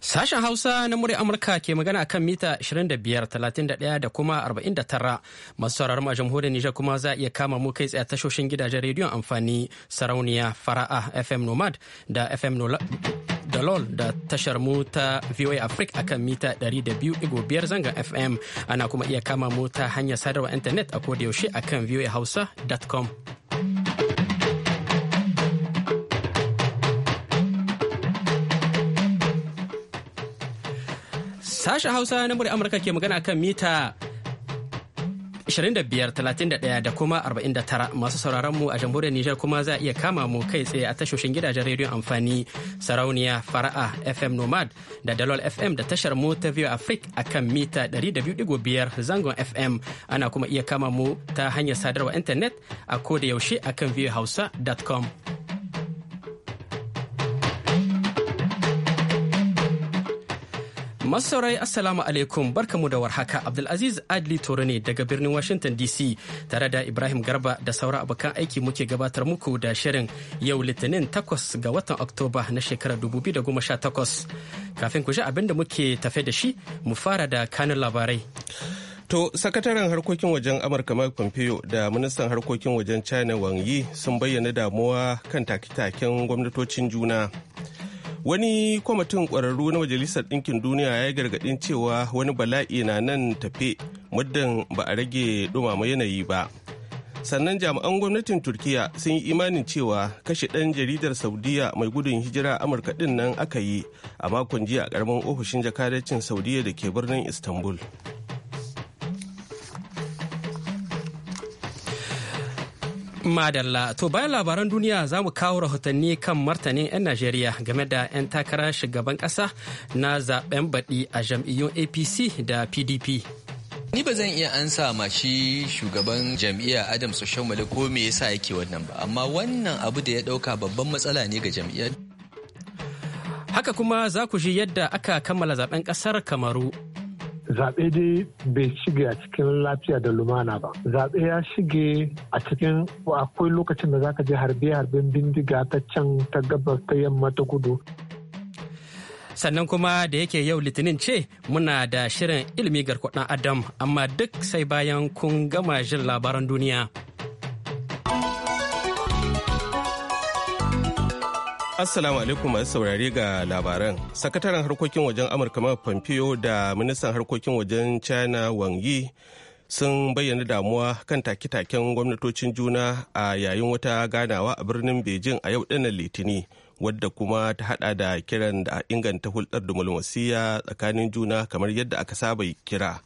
Sashen Hausa na murya Amurka ke magana kan mita 25,31 da kuma 49. Masu sauraron a jamhuriyar Nijar kuma za a iya kama mu kai tsaye tashoshin gidajen rediyon amfani sarauniya fara'a FM Nomad da FM da da tashar mu ta VOA Africa akan mita 200.5 zanga FM ana kuma iya kama mu ta hanyar sadarwa intanet a kodayaushe akan voahausa.com. Sashen Hausa na murya Amurka ke magana kan mita 25,31 da kuma 49 masu sauraron mu a jamhuriyar Nijar kuma za a iya kama mu kai tsaye a tashoshin gidajen rediyon amfani sarauniya fara'a FM Nomad da Dalol FM da tashar mu ta View Africa a kan mita 200.5 zangon FM ana kuma iya kama mu ta hanyar sadarwa intanet a koda yaushe a kan viewhausa.com. Masaurai Assalamu alaikum barkamu da warhaka Abdulaziz Adli Toro ne daga birnin Washington DC tare da Ibrahim Garba da saura abokan aiki muke gabatar muku da shirin yau Litinin takwas ga watan Oktoba na shekarar 2018. Kafin ku ji abin da muke tafe da shi mu fara da kanin labarai. To, sakataren harkokin wajen Amurka Mike Pompeo da ministan harkokin wajen China Wang Yi sun bayyana damuwa kan take-taken gwamnatocin juna. wani kwamitin ƙwararru na majalisar ɗinkin duniya ya gargaɗin cewa wani bala'i na nan tafe muddin ba a rage dumama yanayi ba sannan jami'an gwamnatin turkiya sun yi imanin cewa kashe ɗan jaridar saudiya mai gudun hijira amurka ɗin nan aka yi a makon jiya a ƙaramin ofishin jakadancin saudiya da ke birnin istanbul Madalla, to bayan labaran duniya za mu kawo rahotanni kan martanin 'yan Najeriya game da 'yan takara shugaban ƙasa na zaben baɗi a jam'iyyun APC da PDP. Ni ba zan iya ansa mashi shugaban jam'iyyar Adam Soshomale ko me yasa yake wannan ba, amma wannan abu da ya ɗauka babban matsala ne ga jam'iyyar. Haka kuma za ku ji yadda aka kammala zaben ƙasar Kamaru zaɓe dai bai shige a cikin lafiya da lumana ba zaɓe ya shige a cikin akwai lokacin da zaka je harbe-harben bindiga ta can ta gabas ta yamma ta kudu sannan kuma da yake yau litinin ce muna da shirin ilimi garkwadan adam amma duk sai bayan kun gama jin labaran duniya. Assalamu alaikum masu saurari ga labaran. Sakataren harkokin wajen Amurka Mike Pompeo da ministan harkokin wajen China Wang Yi sun bayyana damuwa kan take-taken gwamnatocin juna a yayin wata ganawa a birnin Beijing a yau dinnan Litini, wadda kuma ta hada da kiran da inganta hulɗar dumulmasiya tsakanin juna kamar yadda aka saba kira.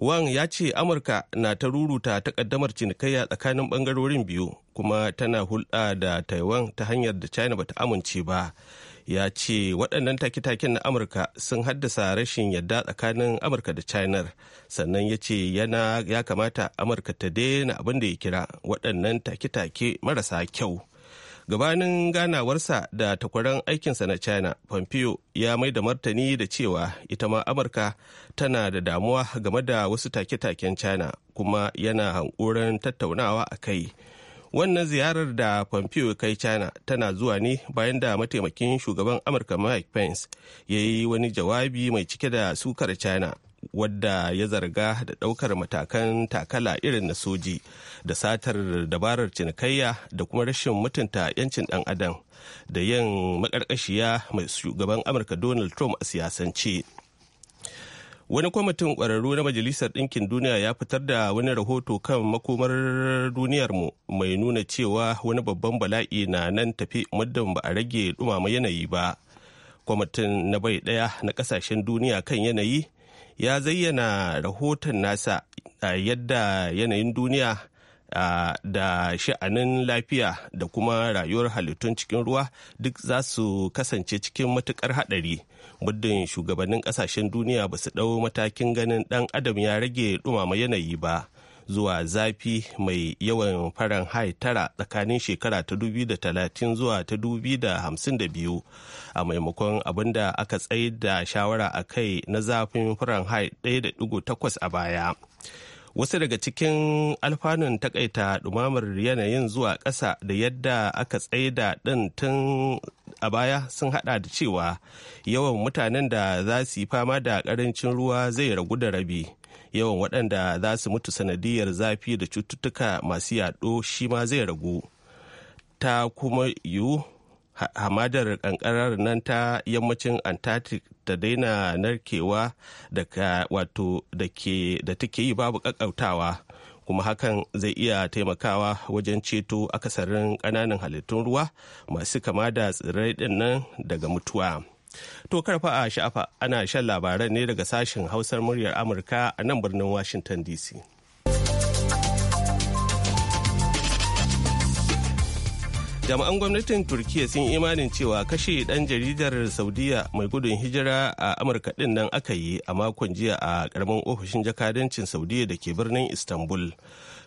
Wang ya ce Amurka na ta ruruta takaddamar cinikayya tsakanin bangarorin biyu kuma tana hulɗa da Taiwan ta hanyar da China bata amince ba. Ya ce waɗannan take-taken na Amurka sun haddasa rashin yadda tsakanin Amurka da China sannan ya ce yana ya kamata Amurka ta daina abin da ya kira waɗannan take-take marasa kyau. gabanin ganawarsa da takwaran aikinsa na china pompeo ya mai da martani da cewa ita ma amurka tana da damuwa game da wasu take-taken china kuma yana hankoron tattaunawa a kai wannan ziyarar da pompeo kai china tana zuwa ne bayan da mataimakin shugaban amurka mike pence ya yi wani jawabi mai cike da sukar china wadda ya zarga da ɗaukar matakan takala irin na soji da satar dabarar cinikayya da kuma rashin mutunta 'yancin ɗan adam da yin maƙarƙashiya mai shugaban amurka donald trump a siyasance wani kwamitin ƙwararru na majalisar ɗinkin duniya ya fitar da wani rahoto kan makomar duniyarmu mai nuna cewa wani babban bala'i na nan tafi muddin ba a rage ɗumama yanayi ba kwamitin na bai ɗaya na ƙasashen duniya kan yanayi ya zayyana rahoton nasa a yadda yanayin duniya da sha'anin lafiya da kuma rayuwar halittun cikin ruwa duk za su kasance cikin matukar haɗari muddin shugabannin ƙasashen duniya ba su ɗau matakin ganin ɗan adam ya rage ɗumama yanayi ba zuwa zafi mai yawan fahrenheit tara tsakanin shekara ta 2030 zuwa ta 2052 a maimakon abin da aka tsaye da shawara a kai na zafin fahrenheit 1.8 a baya wasu daga cikin alfanun takaita dumamar yanayin zuwa ƙasa da yadda aka tsaye da ɗin tun a baya sun hada da cewa yawan mutanen da za su yi fama da ƙarancin ruwa zai ragu da rabi yawan waɗanda za su mutu sanadiyar zafi da cututtuka masu yaɗo shi ma zai ragu ta kuma yiwu hamadar ƙanƙarar nan ta yammacin antarctic ta daina narkewa da take yi babu ƙaƙƙautawa kuma hakan zai iya taimakawa wajen ceto akasarin ƙananan halittun ruwa masu kama da tsirrai nan daga mutuwa. To karfa a sha'afa ana shan labaran ne daga sashen hausar muryar Amurka a nan birnin Washington DC. jami'an gwamnatin Turkiyya sun imanin cewa kashe ɗan jaridar saudiya mai gudun hijira a amurka din nan aka yi a makon jiya a karamin ofishin jakadancin saudiya da ke birnin istanbul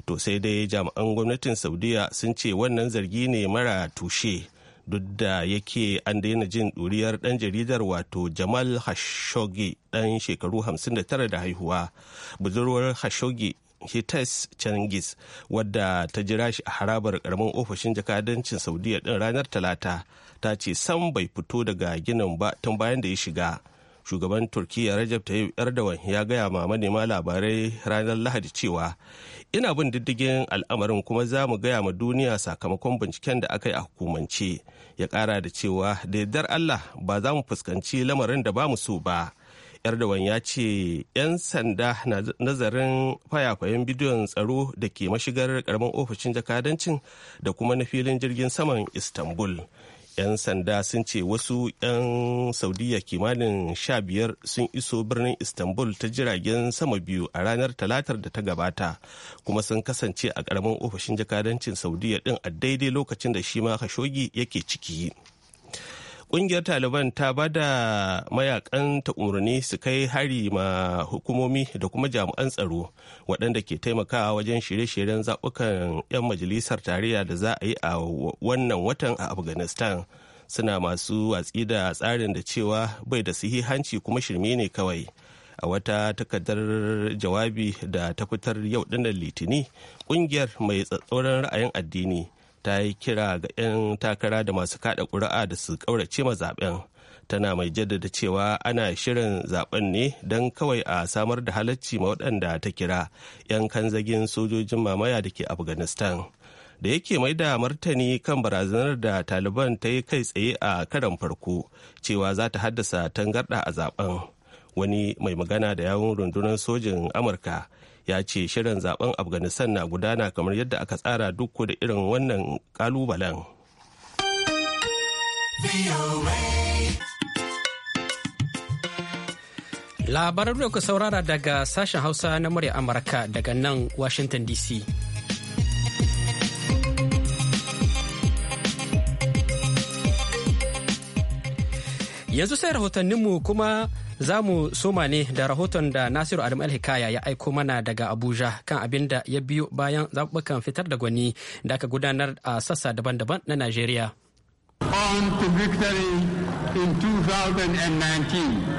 to sai dai jami'an gwamnatin saudiya sun ce wannan zargi ne mara tushe duk da yake an daina jin ɗuriyar ɗan jaridar wato jamal khashoggi ɗan shekaru 59 da haihuwa budurwar khashoggi hites changis wadda ta jira shi a harabar ƙaramin ofishin jakadancin saudiya ɗin ranar talata ta ce sam bai fito daga ginin ba tun bayan da ya shiga shugaban turkiya rajab tayyip erdogan ya gaya ma manema labarai ranar lahadi cewa ina bin diddigin al'amarin kuma za mu gaya ma duniya sakamakon binciken da aka yi a hukumance ya kara da cewa da yardar allah ba za mu fuskanci lamarin da ba mu so ba erdogan ya ce 'yan sanda na nazarin fayafayen bidiyon tsaro da ke mashigar karamin ofishin jakadancin da kuma na filin jirgin saman istanbul 'yan sanda sun ce wasu 'yan saudiya kimanin sha biyar sun iso birnin istanbul ta jiragen sama biyu a ranar talatar da ta gabata kuma sun kasance a ƙaramin ofishin jakadancin saudiya din a daidai lokacin da shi ma yake ciki. kungiyar taliban ta ba da mayakan ta umarni su kai hari ma hukumomi da kuma jami'an tsaro waɗanda ke taimakawa wajen shirye-shiryen zaɓukan 'yan majalisar tarayya da za a yi a wannan watan a afghanistan suna masu watsi da tsarin da cewa bai da sihihanci kuma shirme ne kawai a wata takardar jawabi da ta fitar yau ɗinnan litini ƙungiyar mai tsatsauran ra'ayin addini ta yi kira ga 'yan takara da masu kada ƙuri'a da su ƙaurace ma zaben tana mai jaddada cewa ana shirin zaben ne don kawai a samar da halacci ma waɗanda ta kira 'yan kanzagin sojojin mamaya da ke afghanistan da yake mai da martani kan barazanar da taliban ta yi kai tsaye a karan farko cewa za ta haddasa tangarɗa a zaben wani mai magana da yawun rundunar sojin amurka ya ce shirin zaben afghanistan na gudana kamar yadda aka tsara duk da irin wannan kalubalen labaran da ku saurara daga sashen hausa na murya amurka daga nan washington dc yanzu sai rahotanninmu kuma za mu soma ne da rahoton da nasiru adam alhikaya ya aiko mana daga abuja kan abin da ya biyo bayan zaɓuɓɓukan fitar da gwani da aka gudanar a sassa daban-daban na najeriya on to victory in 2019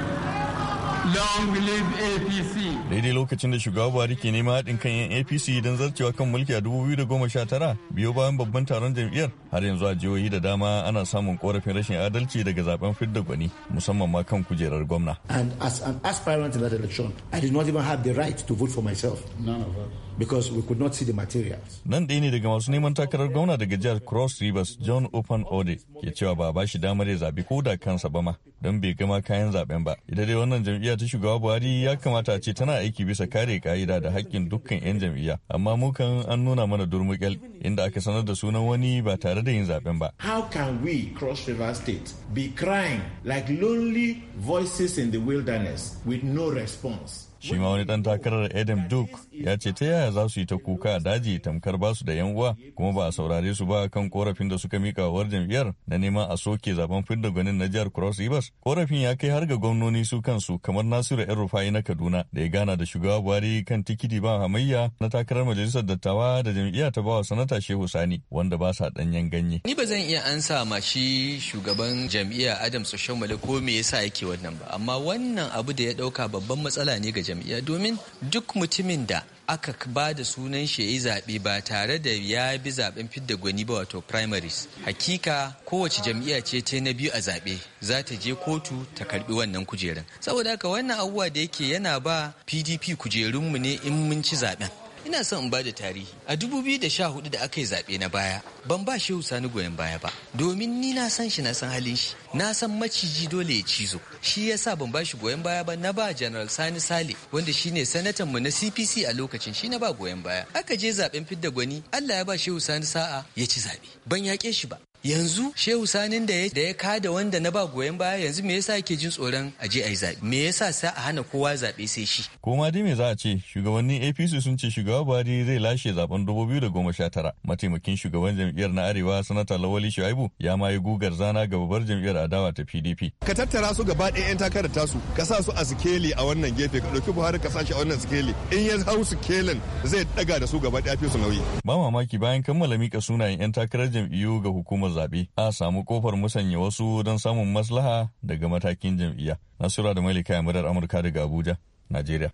Long live APC. Daidai lokacin da shugaba Buhari ke nema haɗin kan 'yan APC don zarcewa kan mulki a tara biyo bayan babban taron jam'iyyar har yanzu a jihohi da dama ana samun korafin rashin adalci daga zaben fidda gwani musamman ma kan kujerar gwamna. And as an aspirant in that election, I did not even have the right to vote for myself. None of us. Because we could not see the materials. Nan ɗaya ne daga masu neman takarar gwamna daga jihar Cross Rivers John Open Ode ke cewa ba ba shi damar ya zabi ko da kansa ba ma don bai gama kayan zaben ba. Ita dai wannan jam'iyyar ta shugaba Buhari ya kamata ce tana aiki bisa kare ka'ida da haƙƙin dukkan 'yan jam'iyya. Amma mu kan an nuna mana durmukel inda aka sanar da sunan wani ba tare da yin zaben ba. How can we Cross River State be crying like lonely voices in the wilderness with no response? shi ma wani dan takarar adam duke ya ce ta yaya za su yi ta kuka a daji tamkar ba su da yan uwa kuma ba a saurare su ba kan korafin da suka mika wa jam'iyyar na neman a soke zaben fidda gwanin na jihar cross rivers korafin ya kai har ga gwamnoni su kansu kamar nasiru yan rufai na kaduna da ya gana da shugaba buhari kan tikiti ba hamayya na takarar majalisar dattawa da jam'iyya ta bawa sanata shehu sani wanda ba sa danyen ganye ni ba zan iya ansa ma shi shugaban jam'iyya adam soshamale ko me yasa yake wannan ba amma wannan abu da ya dauka babban matsala ne ga jam'iyya domin duk mutumin da aka ba da sunan shi ya yi zaɓe ba tare da ya bi zaɓen fidda gwani ba wato primaries hakika kowace jam'iyya ce ta na biyu a zaɓe za ta je kotu ta karɓi wannan kujerun saboda haka wannan abubuwa da yake yana ba pdp kujerunmu ne in mun ci zaɓen ina son in ba da tarihi a dubu biyu da sha hudu da aka yi zaɓe na baya ban ba shehu sani goyon baya ba domin ni na san shi na san halin shi na san maciji dole ya cizo shi ya sa ban ba shi goyon baya ba na ba general sani sale wanda shine sanatan mu na cpc a lokacin shi na ba goyon baya aka je zaɓen fidda gwani allah ya ba shehu sani sa'a ya ci zaɓe ban yaƙe shi ba yanzu shehu sanin da ya kada wanda na ba goyon baya yanzu me yasa yake jin tsoron a je a yi zaɓe me yasa sa a hana kowa zaɓe sai shi ko ma dai me za a ce shugabannin apc sun ce shugaba buhari zai lashe zaben 2019 mataimakin shugaban jam'iyyar na arewa sanata lawali shuaibu ya ma yi gugar zana ga babbar jam'iyyar adawa ta pdp ka tattara su gaba ɗaya 'yan takarar tasu ka sa su a sikeli a wannan gefe ka ɗauki buhari ka sa shi a wannan sikeli in ya hau sikelin zai daga da su gaba ɗaya fi su nauyi ba mamaki bayan kammala mika sunayen 'yan takarar jam'iyyu ga hukumar samun zaɓe a samu kofar musanya wasu don samun maslaha daga matakin jam'iyya. Nasura da Malika ya murar Amurka daga Abuja, Najeriya.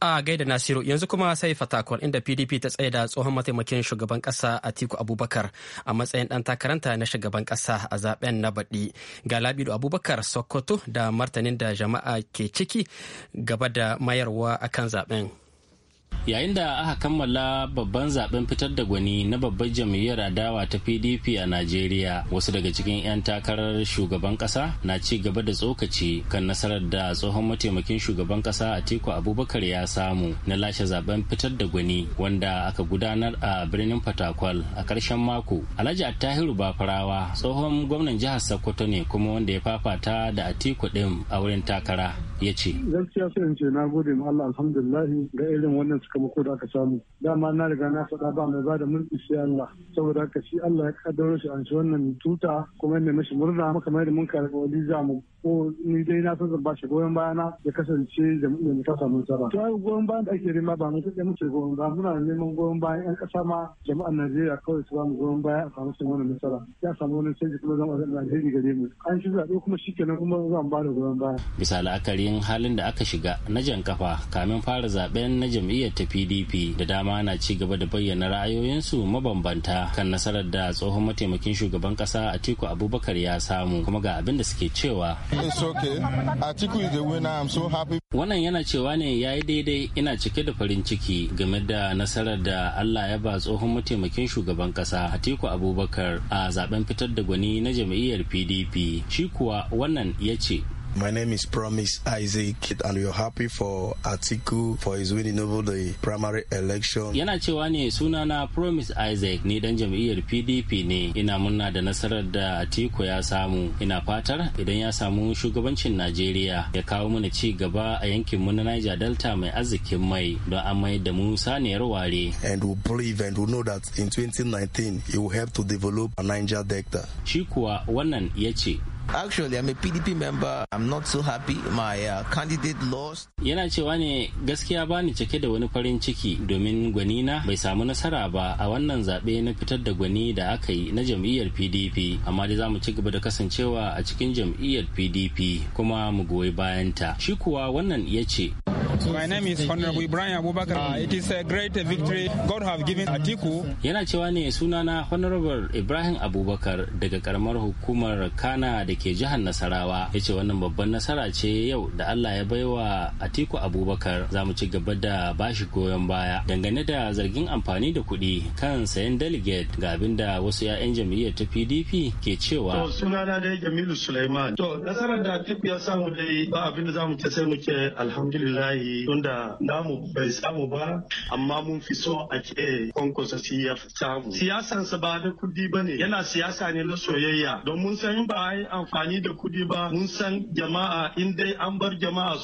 a gaida nasiru yanzu kuma sai fatakon inda pdp ta tsaye da tsohon mataimakin shugaban kasa atiku abubakar a matsayin dan takaranta na shugaban kasa a zaben na baɗi ga labidu abubakar sokoto da martanin da jama'a ke ciki gaba da mayarwa akan zaben yayin da aka kammala babban zaben fitar da gwani na babbar jam'iyyar adawa ta pdp a najeriya wasu daga cikin 'yan takarar shugaban kasa na ci gaba da tsokaci kan nasarar da tsohon mataimakin shugaban kasa teku abubakar ya samu na lashe zaben fitar da gwani wanda aka gudanar a birnin fatakwal a karshen mako alhaji attahiru bafarawa tsohon gwamnan jihar sokoto ne kuma wanda ya fafata da atiku ɗin a wurin takara ya ce gaskiya sai in ce na gode ma allah alhamdulillah ga irin wannan sakamako da aka samu dama na riga na faɗa ba mai bada mulki sai Allah saboda haka shi Allah ya kaddaro shi an shi wannan tuta kuma ne mashi murna maka mai da mun kare wani za mu ko ni dai na san ba shi goyon bayana ya kasance da ne ta samu nasara to ai goyon bayan da ake rima ba mu kake muke goyon ba muna neman goyon bayan ƴan ƙasa ma jama'an Najeriya kawai su ba mu goyon baya a samu cin wannan nasara ya samu wani sai kuma zan wajen Najeriya gare mu an shi zaɓe kuma shikenan kuma zan ba da goyon baya bisa akarin halin da aka shiga na jan kafa kamin fara zaben na jam'iyyar ta pdp da dama na ci gaba da bayyana ra'ayoyinsu mabambanta kan nasarar da tsohon mataimakin shugaban kasa atiku abubakar ya samu kuma ga abin da suke cewa wannan yana cewa ne ya yi daidai ina cike da farin ciki game da nasarar da allah ya ba tsohon mataimakin shugaban kasa atiku abubakar a zaben fitar da gwani na jam'iyyar pdp shi kuwa wannan ya ce My name is Promise Isaac and we are happy for Atiku for his winning over the primary election. Yana cewa ne sunana Promise Isaac ni dan jam'iyyar PDP ne ina murna da nasarar da Atiku ya samu ina fatar idan ya samu shugabancin Najeriya ya kawo mana ci gaba a yankin mu na Niger Delta mai arzikin mai don an mai da mu saniyar ware. And we believe and we know that in 2019 it will help to develop a Niger Delta. Shi kuwa wannan ya ce Actually, I'm a PDP member. I'm not so happy. My uh, candidate lost. Yana cewa ne gaskiya ba ni cike da wani farin ciki domin gwanina bai samu nasara ba a wannan zaɓe na fitar da gwani da aka yi na jam'iyyar PDP. Amma dai za mu ci gaba da kasancewa a cikin jam'iyyar PDP kuma mu goyi bayanta. Shi kuwa wannan ya ce. My name is Honorable Ibrahim Abubakar. Uh, it is a great victory God have given Atiku. Yana cewa ne sunana Honorable Ibrahim Abubakar daga karamar hukumar Kana da da ke jihar Nasarawa ya ce wannan babban nasara ce yau da Allah ya baiwa Atiku Abubakar za mu ci gaba da bashi goyon baya dangane da zargin amfani da kuɗi kan sayan delegate ga abin da wasu 'ya'yan jam'iyyar ta PDP ke cewa. To sunana dai Jamilu Sulaiman. To nasarar da Atiku ya samu dai ba abin da za mu ce sai muke alhamdulillahi tunda namu bai samu ba amma mun fi so a ce kwankwasa shi ya samu. Siyasansa ba da kuɗi ba ne yana siyasa ne na soyayya don mun san ba a amfani da kudi ba mun san jama'a in dai an bar jama'a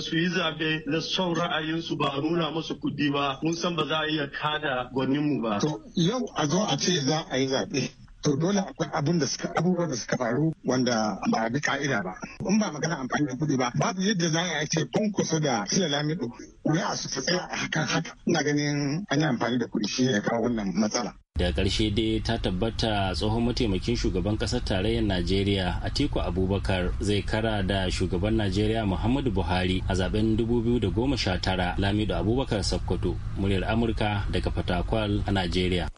su yi zabe da son ra'ayinsu ba a nuna musu kuɗi ba mun san ba za a iya kada gwaninmu ba. To yau a zo a ce za a yi zabe. to dole akwai abin da suka abubuwan da suka faru wanda ba bi ka'ida ba in ba magana amfani da kuɗi ba babu yadda za a yi ce kun kusa da sila lamido ya su tsaya a hakan haka ina ganin an yi amfani da kuɗi shi ya kawo wannan matsala Da ƙarshe dai ta tabbata tsohon mataimakin shugaban ƙasar tarayyar najeriya atiku abubakar zai kara da shugaban najeriya muhammadu buhari a zaben 2019 lamido abubakar Sokoto, muryar amurka daga fatakwal a najeriya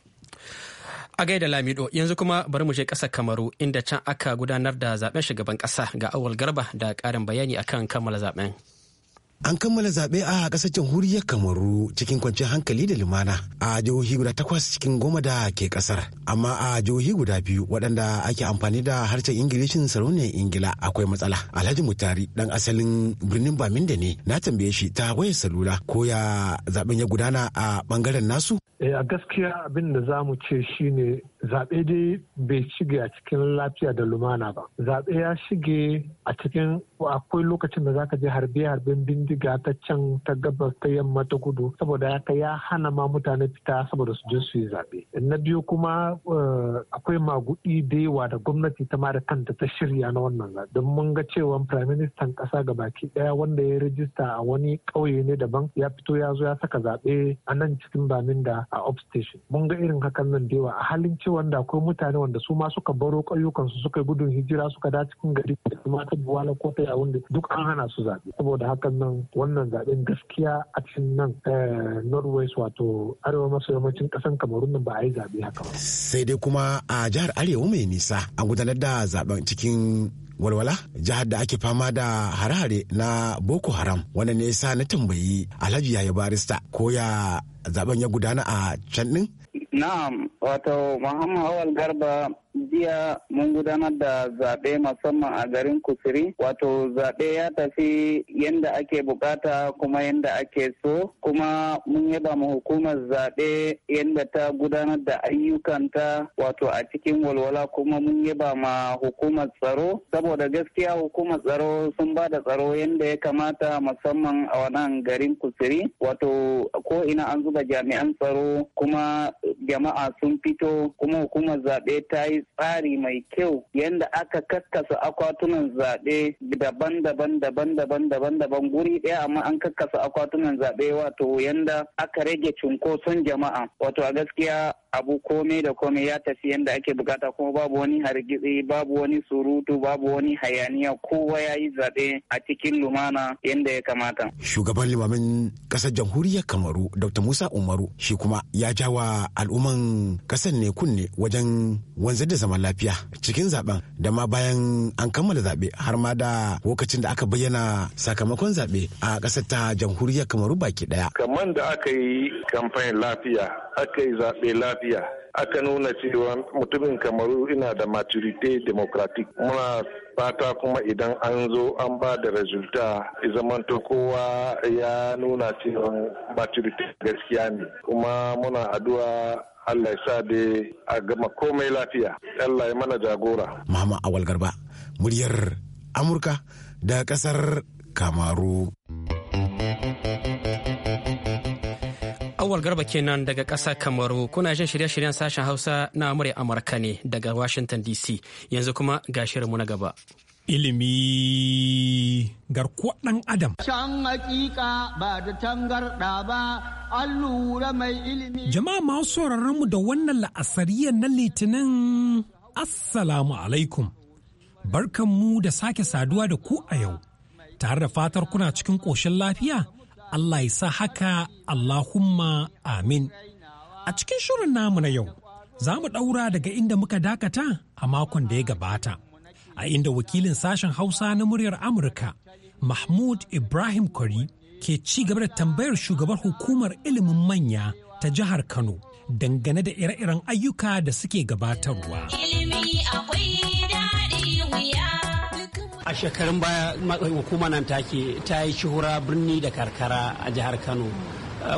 A gaida Lamido yanzu kuma bari mu je ƙasar Kamaru inda can aka gudanar da zaben shugaban ƙasa ga awal garba da ƙarin bayani akan kammala zaben. An kammala zaɓe a ƙasar jamhuriyar Kamaru cikin kwanciyar hankali da lumana a jihohi guda takwas cikin goma da ke ƙasar. Amma a jihohi guda biyu waɗanda ake amfani da harshen Ingilishin sarauniyar Ingila akwai matsala. Alhaji Mutari ɗan asalin birnin Baminda ne na tambaye shi ta wayar salula ko ya zaɓen ya gudana a ɓangaren nasu. Eh, a gaskiya abin da za mu ce shine zaɓe dai bai shige a cikin lafiya da lumana ba zaɓe ya shige a cikin akwai lokacin da zaka je harbe harben bindiga ta can ta gabas ta yamma ta kudu saboda haka ya hana ma mutane fita saboda su je su yi zaɓe na biyu kuma eh, akwai magudi da yawa da gwamnati ta mara kanta ta shirya na wannan zaɓe don mun ga cewa prime minister ƙasa baki ɗaya wanda ya rijista a wani ƙauye ne daban ya fito ya zo ya saka zaɓe a nan cikin baminda a upstation mun ga irin hakan nan da yawa a halin ce wanda akwai mutane wanda su ma suka baro ƙauyukansu suka gudun hijira suka da cikin gari kuma ta buwala ko ta yawon da duk an hana su zaɓe saboda hakan nan wannan zaɓen gaskiya a cikin nan eh, northwest wato arewa maso yammacin ƙasan kamarun nan ba a yi zaɓe haka ba. sai dai kuma a jihar arewa mai nisa a gudanar da zaben cikin walwala jihar da ake fama da harare na boko haram wanda ne sa na tambayi alhaji yaya barista ko ya zaben ya gudana a can din Na'am, wato Muhammad Awal Garba jiya mun gudanar da zaɓe musamman a garin Kusiri, Wato zaɓe ya tafi yadda ake bukata kuma yadda ake so, kuma mun yaba mu hukumar zaɓe yadda ta gudanar da ayyukanta wato a cikin walwala kuma mun yaba ma hukumar tsaro. Saboda gaskiya hukumar tsaro sun ba da tsaro yadda ya kamata musamman a wannan garin Kusiri, Wato ko ina an zuba jami'an tsaro kuma jama'a sun fito kuma hukumar zaɓe ta yi tsari mai kyau yadda aka kakkasa akwatunan zaɓe daban-daban daban-daban daban-daban guri ɗaya amma an kakkasa akwatunan zaɓe wato yadda aka rage cunkoson jama'a wato a gaskiya abu kome da kome ya tafi yadda ake bukata kuma babu wani hargitsi babu wani surutu babu wani hayaniya kowa ya yi zaɓe a cikin lumana yadda ya kamata. Shugaban limamin ƙasar jamhuriyar Kamaru Dr. Musa Umaru shi kuma ya jawa al'umman ƙasar ne kunne wajen wanzar da zaman lafiya cikin zaben da ma bayan an kammala zaɓe har ma da lokacin da aka bayyana sakamakon zaɓe a ƙasar ta jamhuriyar Kamaru baki ɗaya. Kamar da aka yi kamfanin lafiya aka yi zaɓe lafiya lafiya aka nuna cewa mutumin kamaru ina da maturite democratic muna fata kuma idan an zo an ba da resulta zamanto kowa ya nuna cewa maturite gaskiya ne kuma muna addu'a Allah ya sa da a gama komai lafiya Allah ya mana jagora Mama Awal Garba muryar Amurka da kasar Kamaru. Awal Garba kenan daga ƙasar Kamaru kuna jin shirye-shiryen sashen Hausa na murya Amurka ne daga Washington DC yanzu kuma ga shirinmu na gaba. Ilimi garkuwa ɗan Adam. Can hakika ba da tangarɗa ba, an lura mai ilimi. Jama'a masu mu da wannan la'asariyar na litinin Assalamu alaikum. Barkanmu da sake saduwa da ku a yau, tare da fatar kuna cikin ƙoshin lafiya. Allah ya sa haka Allahumma amin. A cikin shirin namu na yau, za mu ɗaura daga inda muka dakata a makon da ya gabata, a inda wakilin sashen Hausa na muryar Amurka, Mahmud Ibrahim Kwari ke ci gaba da tambayar shugabar hukumar ilimin manya ta jihar Kano dangane da ire-iren ayyuka da suke gabatarwa. a shekarun baya hukumar nan take ta yi shuhura birni da karkara a jihar kano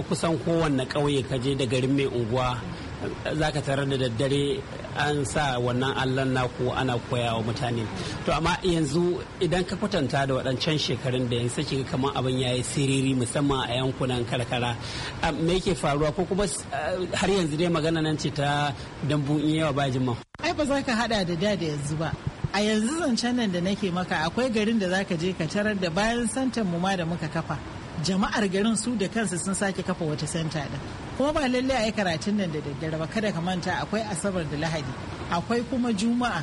kusan kowanne kauye ka je da garin mai unguwa za ka tarar da daddare an sa wannan allon naku ana koya wa mutane to amma yanzu idan ka kwatanta da waɗancan shekarun da yanzu sake kamar abin ya yi siriri musamman a yankunan karkara me yake faruwa ko kuma har yanzu dai magana nan ce ta dambu in yawa bajin ma ai ba za ka hada da da yanzu ba a yanzu zancen nan da nake maka akwai garin da zaka je ka tarar da bayan santan mu ma da muka kafa jama'ar garin su da kansu sun sake kafa wata santa din kuma ba lalle a yi karatun nan da daddare ba kada ka manta akwai asabar da lahadi akwai kuma juma'a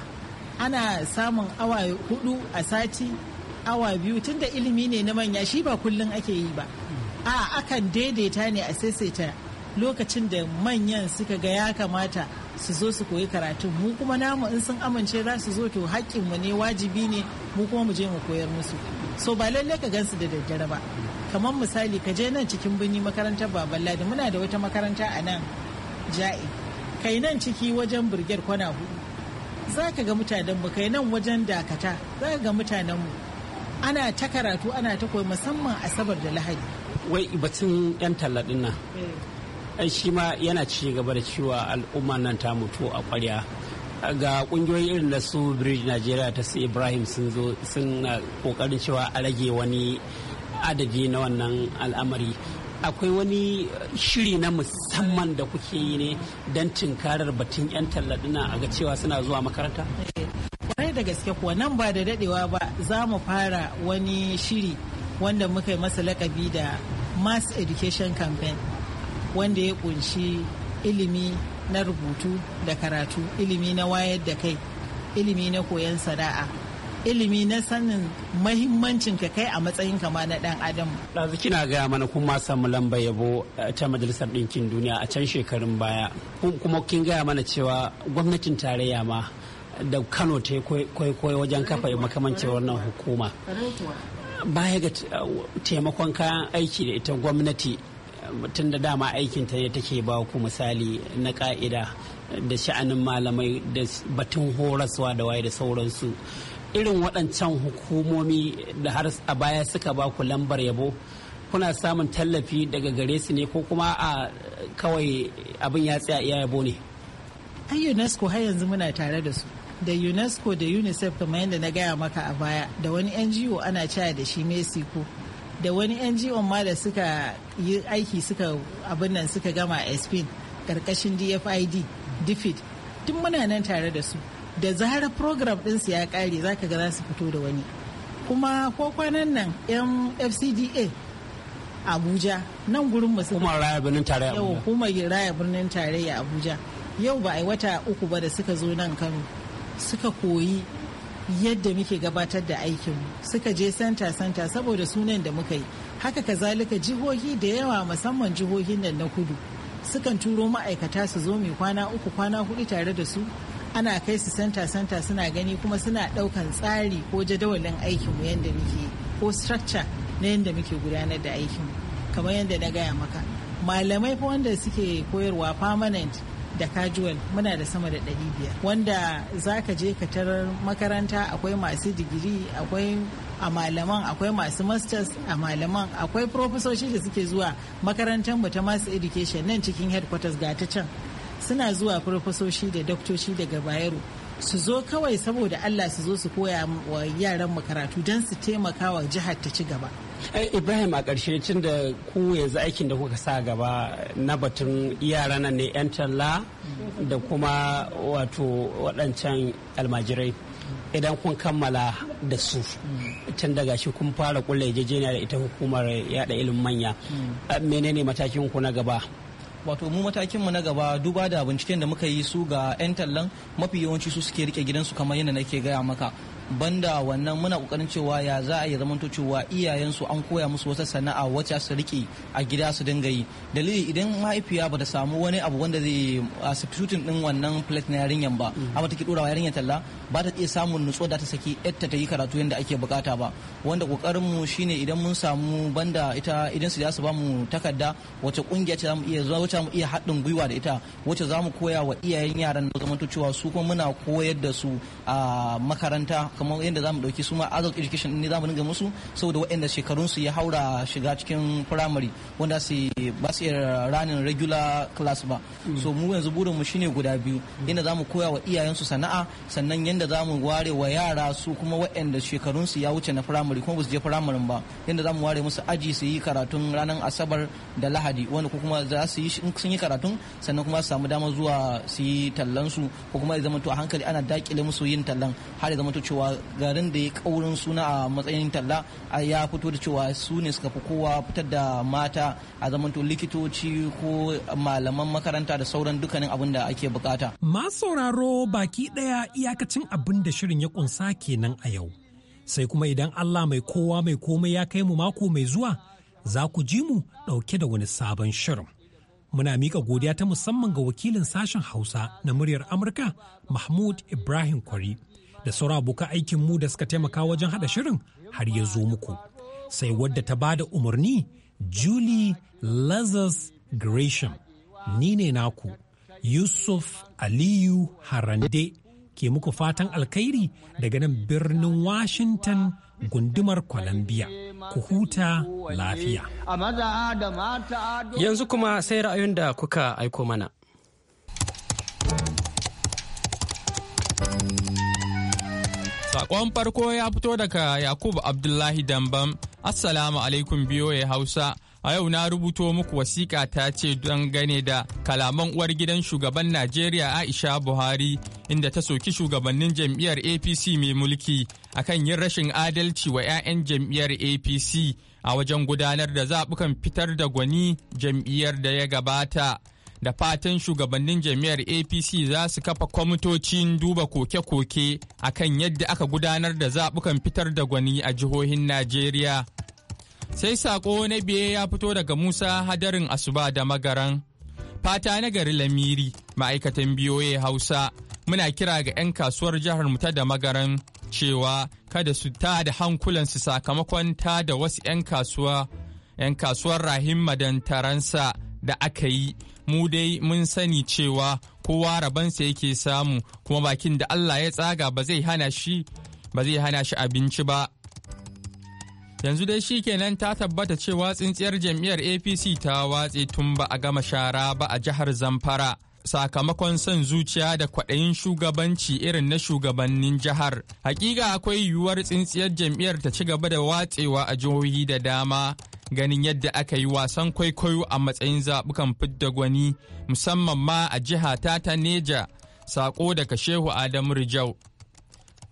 ana samun awa hudu a sati awa biyu tunda ilimi ne na manya shi ba kullum ake yi ba a akan daidaita ne a saisaita lokacin da manyan suka ga ya kamata su zo su koyi karatu mu kuma namu in sun amince za su zo to haƙƙinmu ne wajibi ne mu kuma mu je mu koyar musu so ba lalle ka gansu da daddare ba kamar misali ka je nan cikin birni makarantar baban ladi muna da wata makaranta a nan ja'i kai nan ciki wajen birgiyar kwana hudu za ka ga mutanen mu kai nan wajen dakata za ka ga mutanen mu ana ta karatu ana ta koyi musamman asabar da lahadi wai batun yan talla nan ai shi ma yana ci gaba da cewa al'umma nan ta mutu a kwarya ga kungiyoyi irin da su bridge nigeria ta su ibrahim sun zo sun kokarin cewa a rage wani adadi na wannan al'amari akwai wani shiri na musamman da kuke yi ne don tinkarar batun 'yan talladina a ga cewa suna zuwa makaranta? kwarai da gaske kuwa nan ba da dadewa ba za mu fara wani shiri wanda muka yi masa lakabi da mass education campaign wanda ya kunshi ilimi na rubutu da karatu ilimi na wayar da kai ilimi na koyon sana'a ilimi na sanin mahimmancin ka kai a matsayin kama na dan adam ɗazu kina gaya mana kuma samu lamba yabo ta majalisar ɗinkin duniya a can shekarun baya kuma kin gaya mana cewa gwamnatin tarayya ma da kano ta kwaikwayo wajen kafa makamancin wannan hukuma baya ga uh, taimakon kayan aiki da ita gwamnati tun da dama aikinta ne take ba ku misali na ka'ida da sha'anin malamai da batun horaswa da waye da sauransu irin waɗancan hukumomi da har a baya suka ba ku lambar yabo kuna samun tallafi daga gare su ne ko kuma a kawai abin ya tsaya iya yabo ne an unesco har yanzu muna tare da su da unesco da unicef kamar yadda na gaya maka a baya da wani ngo ana caya da shi mesiko da wani ngo ma da suka yi aiki suka abin nan suka gama a Spain karkashin dfid dfid tun muna nan tare da su da zarar program ɗinsu ya ƙare za ka ga za su fito da wani kuma ko kwanan nan yan fcda abuja nan gurin masu kuma raya birnin tarayya yau kuma raya birnin tarayya abuja yau ba a wata uku ba da suka zo nan kano suka koyi yadda muke gabatar da aikinmu suka je santa santa saboda sunan da muka yi haka kazalika jihohi da yawa musamman jihohin nan na kudu sukan turo ma'aikata su zo mai kwana uku kwana hudu tare da su ana kai su santa santa suna gani kuma suna daukan tsari ko jadawalin aikinmu yadda muke ko structure na yadda muke gudanar da aikinmu kamar yadda na gaya maka malamai fa wanda suke koyarwa permanent da casual muna da sama da 500 wanda za ka je ka tarar makaranta akwai masu digiri akwai a malaman akwai masu masters a malaman akwai profesoshi da suke zuwa makarantar mu ta masu education nan cikin headquarters ga ta can suna zuwa profesoshi da doktoshi daga bayero su zo kawai saboda allah su zo su koya wa yaran makaratu don su taimaka wa jihar ta ci gaba Eh, ibrahim a ƙarshe cin da ku yanzu aikin da kuka sa gaba na batun yara nan ne 'yan talla da kuma wato waɗancan almajirai idan kun kammala da su tun daga shi kun fara kulle yarjejeniya da ita hukumar yada ilimin manya mm. menene matakin ku na gaba wato mu matakin mu na gaba duba da binciken da muka yi su ga 'yan tallan mafi yawanci su suke rike gidansu kamar yadda ke gaya maka banda wannan muna kokarin cewa ya za a yi zamanto cewa iyayensu an koya musu wata sana'a wacce su rike a gida su dinga yi dalili idan mahaifiya ba ta samu wani abu wanda zai a substituting din wannan plate na yarinyan ba amma take dora yarinyan talla ba ta iya samun nutso da ta saki yadda ta yi karatu yadda ake bukata ba wanda kokarin mu shine idan mun samu banda ita idan su za su ba mu takarda wacce kungiya ce za mu iya zuwa za mu iya haɗin gwiwa da ita wacce za mu koya wa iyayen yaran da zamanto cewa su kuma muna koyar da su a makaranta kamar yadda za mu ɗauki su ma adult education ne za mu dinga musu saboda waɗanda shekarun su ya haura shiga cikin primary wanda su ba su ranin regular class ba so mu yanzu burin mu shine guda biyu yadda za mu koya wa iyayen su sana'a sannan yadda za mu ware wa yara su kuma waɗanda shekarun su ya wuce na primary kuma ba su je primary ba yadda za mu ware musu aji su yi karatun ranar asabar da lahadi wanda kuma za su yi in sun yi karatun sannan kuma su samu dama zuwa su yi tallan su ko kuma ya zama to a hankali ana dakile musu yin tallan har ya zama to cewa garin da ya kaurin suna a matsayin talla ya fito da cewa su ne suka fi kowa fitar da mata a zaman to likitoci ko malaman makaranta da sauran dukkanin abin da ake bukata. Ma sauraro baki daya iyakacin abin da shirin ya kunsa kenan a yau. Sai kuma idan Allah mai kowa mai komai ya kai mu mako mai zuwa za ku ji mu ɗauke da wani sabon shirin. Muna mika godiya ta musamman ga wakilin sashen Hausa na muryar Amurka Mahmud Ibrahim Kwari da sauran abokan aikin mu da suka taimaka wajen hada shirin har ya zo muku. Sai wadda ta bada umarni Julie Lazarus Gresham. Ni ne naku Yusuf Aliyu Harande. ke muku fatan alkhairi daga nan birnin Washington gundumar Columbia. Ku huta lafiya. Yanzu kuma sai ra'ayin da kuka aiko mana. Sakon farko ya fito daga Yakubu Abdullahi Dambam, Assalamu alaikum biyo ya Hausa. A yau na rubuto muku wasiƙa ta ce don gane da kalaman uwar gidan shugaban Najeriya Aisha Buhari inda ta soki shugabannin jam'iyyar APC mai mulki akan yin rashin adalci wa 'ya'yan jam'iyyar APC a wajen gudanar da zaɓukan fitar da gwani jam'iyyar da ya gabata. Da fatan shugabannin jam'iyyar APC za su kafa kwamitocin duba koke-koke akan yadda aka gudanar da zaɓukan fitar da gwani a jihohin Najeriya. Sai sako na biye ya fito daga Musa Hadarin Asuba da Magaran. Fata na gari Lamiri, ma'aikatan biyoye Hausa, muna kira ga 'yan kasuwar jihar mu da Magaran cewa kada su ta da hankulansu sakamakon ta da wasu 'yan kasuwa 'yan kasuwar Rahim Madantaransa da aka yi. Mu dai mun sani cewa kowa rabansa yake samu kuma bakin da Allah ya tsaga ba zai hana shi abinci ba yanzu dai shi kenan ta tabbata cewa tsintsiyar jam'iyyar apc ta watse tun ba a gama shara ba a jihar zamfara sakamakon son zuciya da kwaɗayin shugabanci irin na shugabannin jihar hakika akwai yiwuwar tsintsiyar jam'iyyar ta ci gaba da watsewa a jihohi da dama ganin yadda aka yi wasan kwaikwayo a matsayin zaɓukan fidda gwani musamman ma a jiha ta ta neja sako daga shehu adamu rijau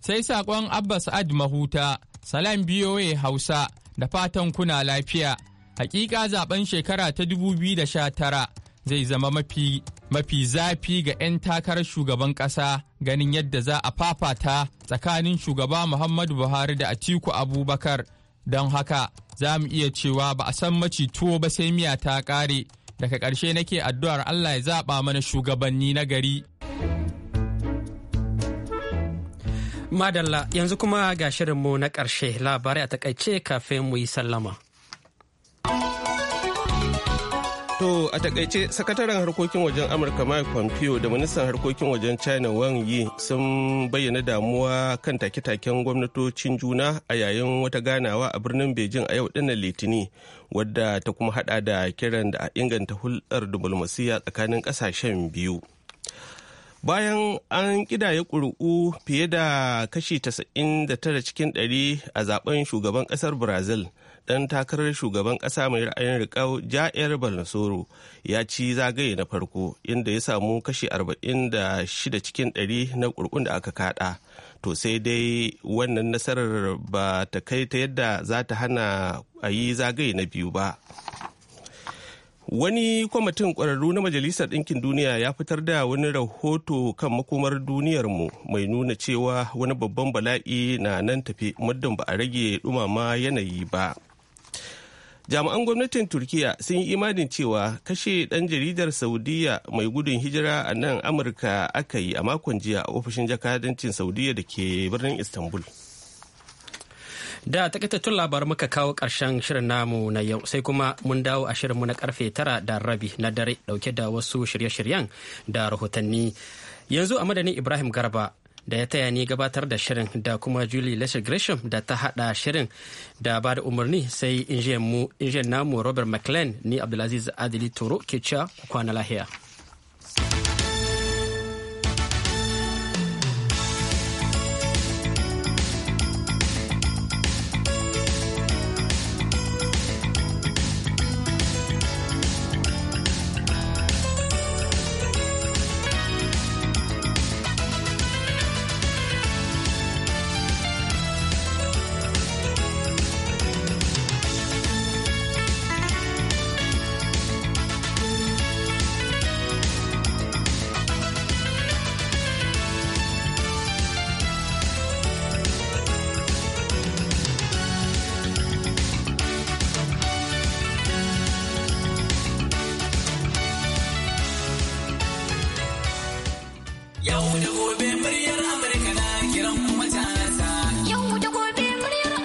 sai saƙon abbas ad mahuta Salam BOA Hausa da fatan kuna lafiya. Hakika zaben shekara ta 2019 zai zama mafi mafi zafi ga 'yan takarar shugaban ƙasa ganin yadda za a fafata tsakanin shugaba Muhammadu Buhari da Atiku Abubakar. Don haka za mu iya cewa ba a san maci tuwo ba sai miya ta ƙare. Daga ƙarshe nake addu'ar Allah ya zaɓa mana shugabanni na gari. Madalla yanzu kuma ga shirinmu na ƙarshe labarai a takaice kafin mu yi sallama. To a takaice sakataren harkokin wajen Amurka Mike Pompeo da ministan harkokin wajen China Wang Yi sun bayyana damuwa kan take-taken gwamnatocin juna a yayin wata ganawa a birnin Beijing a yau dinnan Litini wadda ta kuma hada da kiran da a inganta hulɗar diplomasiyya tsakanin ƙasashen biyu. bayan an kidaya ƙuri'u fiye da kashi 99 cikin 100 a zaben shugaban ƙasar brazil ɗan takarar shugaban ƙasa mai ra'ayin riƙau ja'ir balnasoro ya ci zagaye na farko inda ya samu kashi 46 cikin 100 na ƙuri'un da aka kada to sai dai wannan nasarar ba ta kai ta yadda za ta hana a yi zagaye na biyu ba Wani kwamitin ƙwararru na Majalisar Ɗinkin Duniya ya fitar da wani rahoto kan makomar duniyarmu mai nuna cewa wani babban bala'i na nan tafi muddin ba a rage ɗumama yanayi ba. Jami'an gwamnatin Turkiya sun yi imanin cewa kashe ɗan jaridar Saudiya mai gudun hijira a nan Amurka aka yi a makon jiya a ofishin jakadancin Saudiya da ke birnin Istanbul. Da takaitattun labarai muka kawo ƙarshen shirin namu na yau sai kuma mun dawo a shirinmu na karfe tara da rabi na dare dauke da wasu shirye-shiryen da rahotanni. Yanzu a Ibrahim Garba da ya taya ni gabatar da shirin da kuma Julie Lesher Gresham da ta hada shirin da ba da umarni sai injiyan namu Robert McLean ni Abdulaziz Adili Toro ke cewa kwana lahiya.